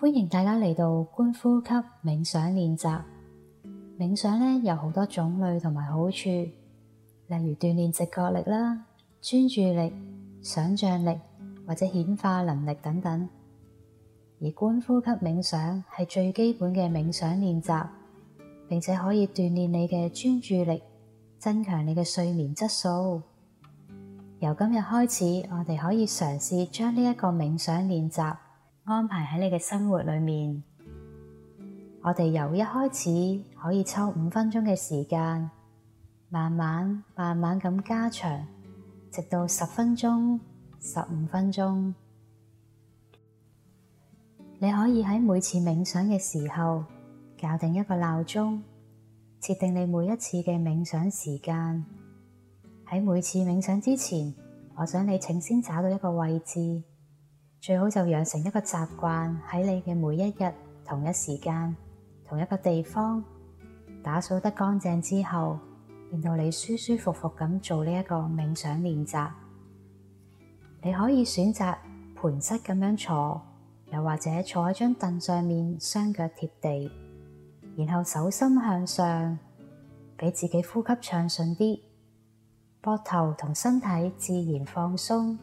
歡迎大家嚟到觀呼吸冥想練習。冥想呢有好多種類同埋好處，例如鍛煉直覺力啦、專注力、想象力或者顯化能力等等。而觀呼吸冥想係最基本嘅冥想練習，並且可以鍛煉你嘅專注力，增強你嘅睡眠質素。由今日開始，我哋可以嘗試將呢一個冥想練習。安排喺你嘅生活裏面，我哋由一開始可以抽五分鐘嘅時間，慢慢慢慢咁加長，直到十分鐘、十五分鐘。你可以喺每次冥想嘅時候校定一個鬧鐘，設定你每一次嘅冥想時間。喺每次冥想之前，我想你請先找到一個位置。最好就養成一個習慣，喺你嘅每一日同一時間、同一個地方打掃得乾淨之後，令到你舒舒服服咁做呢一個冥想練習。你可以選擇盤膝咁樣坐，又或者坐喺張凳上面，雙腳貼地，然後手心向上，俾自己呼吸暢順啲，膊頭同身體自然放鬆。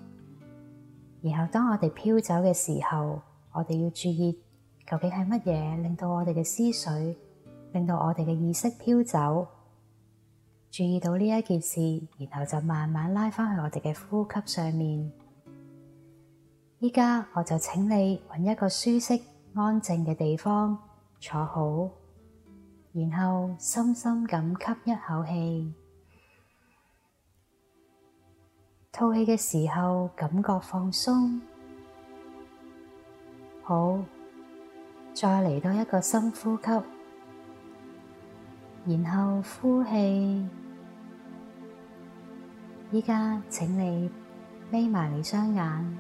然後當我哋飄走嘅時候，我哋要注意究竟係乜嘢令到我哋嘅思緒，令到我哋嘅意識飄走。注意到呢一件事，然後就慢慢拉返去我哋嘅呼吸上面。依家我就請你揾一個舒適、安靜嘅地方坐好，然後深深咁吸一口氣。吐氣嘅時候，感覺放鬆。好，再嚟多一個深呼吸，然後呼氣。依家請你眯埋你雙眼，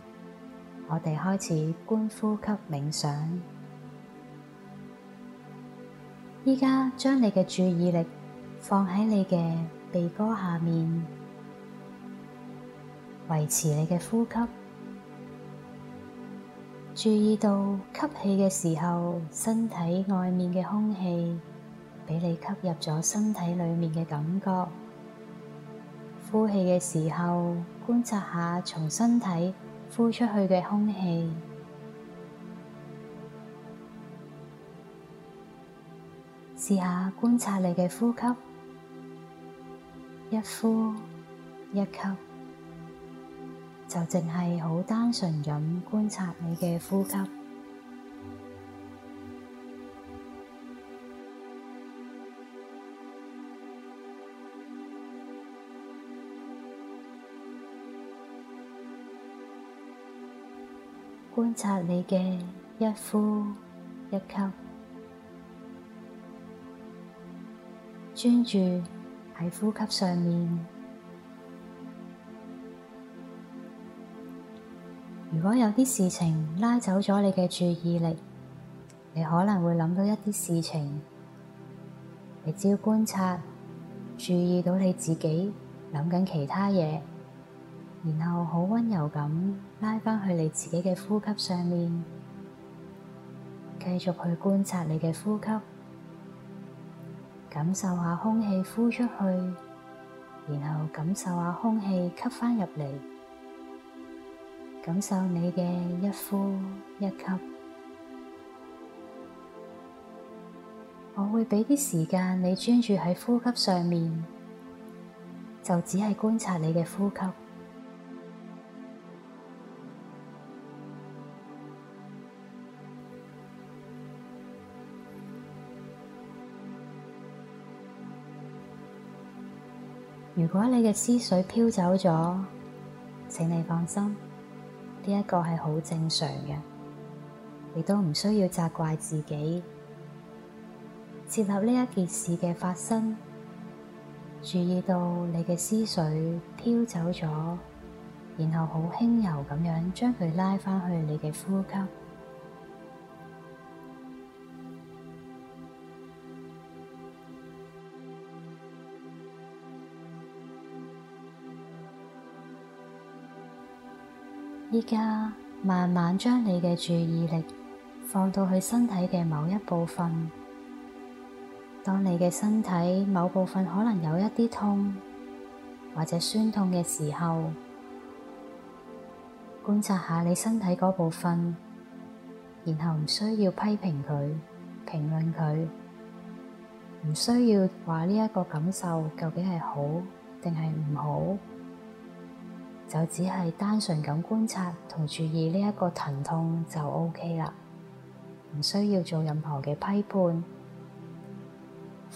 我哋開始觀呼吸冥想。依家將你嘅注意力放喺你嘅鼻哥下面。維持你嘅呼吸，注意到吸氣嘅時候，身體外面嘅空氣畀你吸入咗身體裏面嘅感覺；呼氣嘅時候，觀察下從身體呼出去嘅空氣。試下觀察你嘅呼吸，一呼一吸。就淨係好單純咁觀察你嘅呼吸，觀察你嘅一呼一吸，專注喺呼吸上面。如果有啲事情拉走咗你嘅注意力，你可能會諗到一啲事情。你只要觀察，注意到你自己諗緊其他嘢，然後好溫柔咁拉翻去你自己嘅呼吸上面，繼續去觀察你嘅呼吸，感受下空氣呼出去，然後感受下空氣吸翻入嚟。感受你嘅一呼一吸，我會畀啲時間你專注喺呼吸上面，就只係觀察你嘅呼吸。如果你嘅思緒飄走咗，請你放心。呢一個係好正常嘅，你都唔需要責怪自己，接納呢一件事嘅發生，注意到你嘅思緒飄走咗，然後好輕柔咁樣將佢拉返去你嘅呼吸。依家慢慢將你嘅注意力放到佢身體嘅某一部分。當你嘅身體某部分可能有一啲痛或者酸痛嘅時候，觀察下你身體嗰部分，然後唔需要批評佢、評論佢，唔需要話呢一個感受究竟係好定係唔好。就只係單純咁觀察同注意呢一個疼痛就 OK 啦，唔需要做任何嘅批判，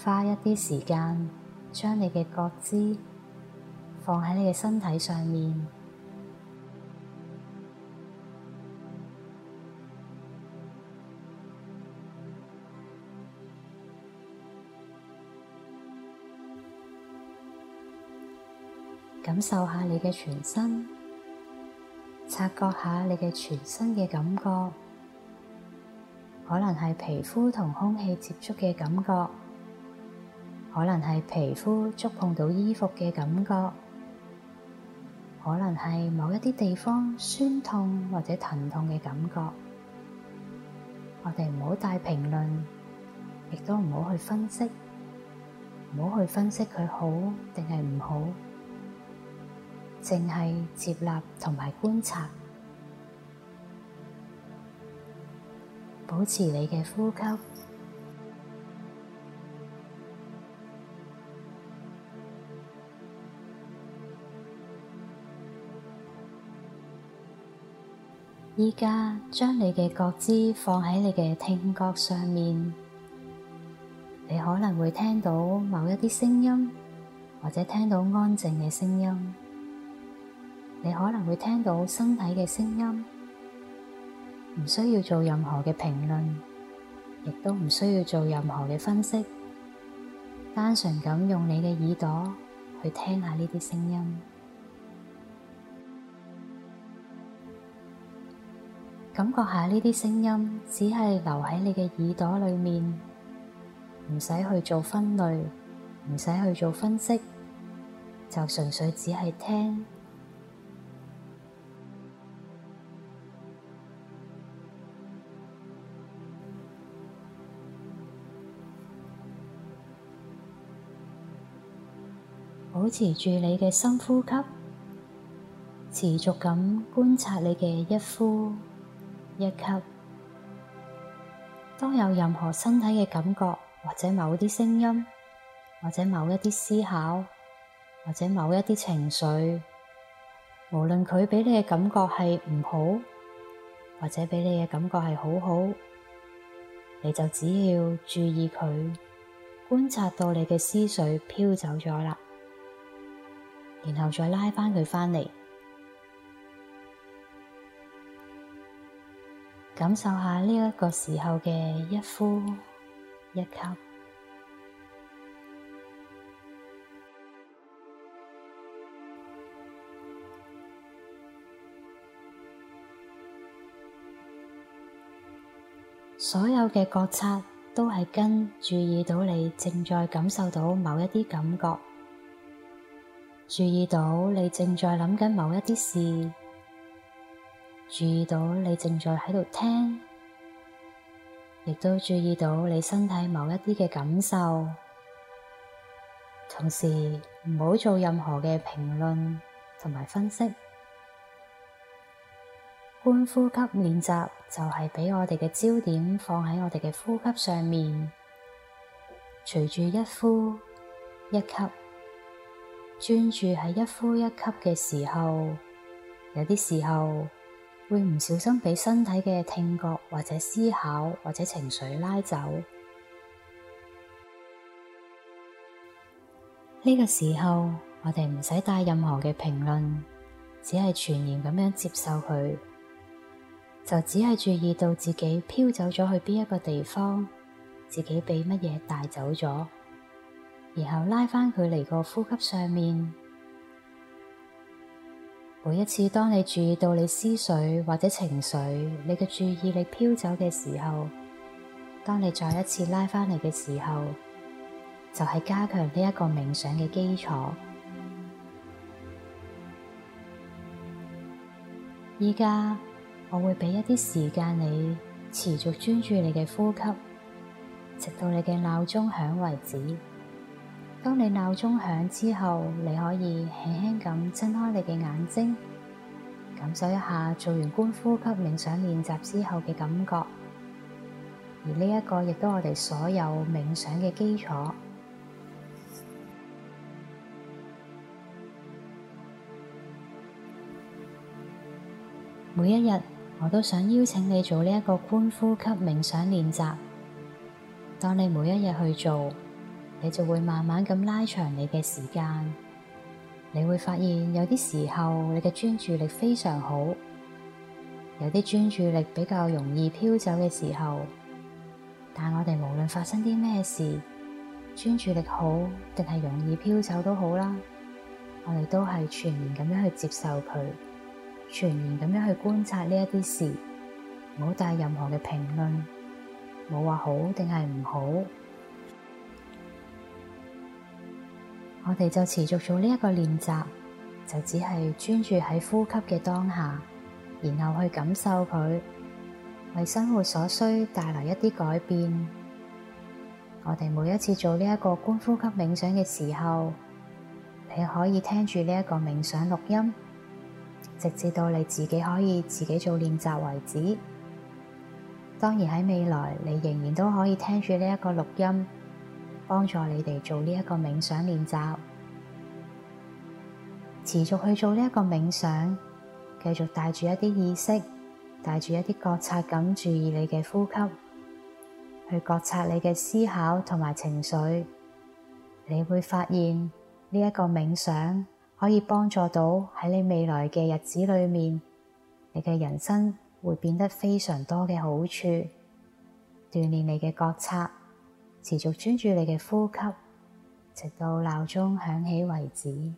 花一啲時間將你嘅覺知放喺你嘅身體上面。感受下你嘅全身，察覺下你嘅全身嘅感覺，可能係皮膚同空氣接觸嘅感覺，可能係皮膚觸碰到衣服嘅感覺，可能係某一啲地方酸痛或者疼痛嘅感覺。我哋唔好帶評論，亦都唔好去分析，唔好去分析佢好定係唔好。淨係接納同埋觀察，保持你嘅呼吸。而家將你嘅覺知放喺你嘅聽覺上面，你可能會聽到某一啲聲音，或者聽到安靜嘅聲音。你可能會聽到身體嘅聲音，唔需要做任何嘅評論，亦都唔需要做任何嘅分析，單純咁用你嘅耳朵去聽下呢啲聲音，感覺下呢啲聲音只係留喺你嘅耳朵裏面，唔使去做分類，唔使去做分析，就純粹只係聽。保持住你嘅深呼吸，持續咁觀察你嘅一呼一吸。當有任何身體嘅感覺，或者某啲聲音，或者某一啲思考，或者某一啲情緒，無論佢俾你嘅感覺係唔好，或者俾你嘅感覺係好好，你就只要注意佢，觀察到你嘅思緒飄走咗啦。然後再拉返佢返嚟，感受下呢一個時候嘅一呼一吸。所有嘅覺察都係跟注意到你正在感受到某一啲感覺。注意到你正在諗緊某一啲事，注意到你正在喺度聽，亦都注意到你身體某一啲嘅感受，同時唔好做任何嘅評論同埋分析。觀呼吸練習就係俾我哋嘅焦點放喺我哋嘅呼吸上面，隨住一呼一吸。專注喺一呼一吸嘅時候，有啲時候會唔小心畀身體嘅聽覺或者思考或者情緒拉走。呢個時候，我哋唔使帶任何嘅評論，只係全然咁樣接受佢，就只係注意到自己飄走咗去邊一個地方，自己被乜嘢帶走咗。然後拉返佢嚟個呼吸上面。每一次當你注意到你思緒或者情緒，你嘅注意力飄走嘅時候，當你再一次拉返嚟嘅時候，就係加強呢一個冥想嘅基礎。依家我會俾一啲時間你持續專注你嘅呼吸，直到你嘅鬧鐘響為止。當你鬧鐘響之後，你可以輕輕咁睜開你嘅眼睛，感受一下做完觀呼吸冥想練習之後嘅感覺，而呢一個亦都我哋所有冥想嘅基礎。每一日，我都想邀請你做呢一個觀呼吸冥想練習。當你每一日去做。你就會慢慢咁拉長你嘅時間，你會發現有啲時候你嘅專注力非常好，有啲專注力比較容易飄走嘅時候，但我哋無論發生啲咩事，專注力好定係容易飄走都好啦，我哋都係全然咁樣去接受佢，全然咁樣去觀察呢一啲事，冇帶任何嘅評論，冇話好定係唔好。我哋就持續做呢一個練習，就只係專注喺呼吸嘅當下，然後去感受佢，為生活所需帶來一啲改變。我哋每一次做呢一個觀呼吸冥想嘅時候，你可以聽住呢一個冥想錄音，直至到你自己可以自己做練習為止。當然喺未來，你仍然都可以聽住呢一個錄音。幫助你哋做呢一個冥想練習，持續去做呢一個冥想，繼續帶住一啲意識，帶住一啲覺察，噉注意你嘅呼吸，去覺察你嘅思考同埋情緒，你會發現呢一個冥想可以幫助到喺你未來嘅日子裏面，你嘅人生會變得非常多嘅好處，鍛煉你嘅覺察。持續專注你嘅呼吸，直到鬧鐘響起為止。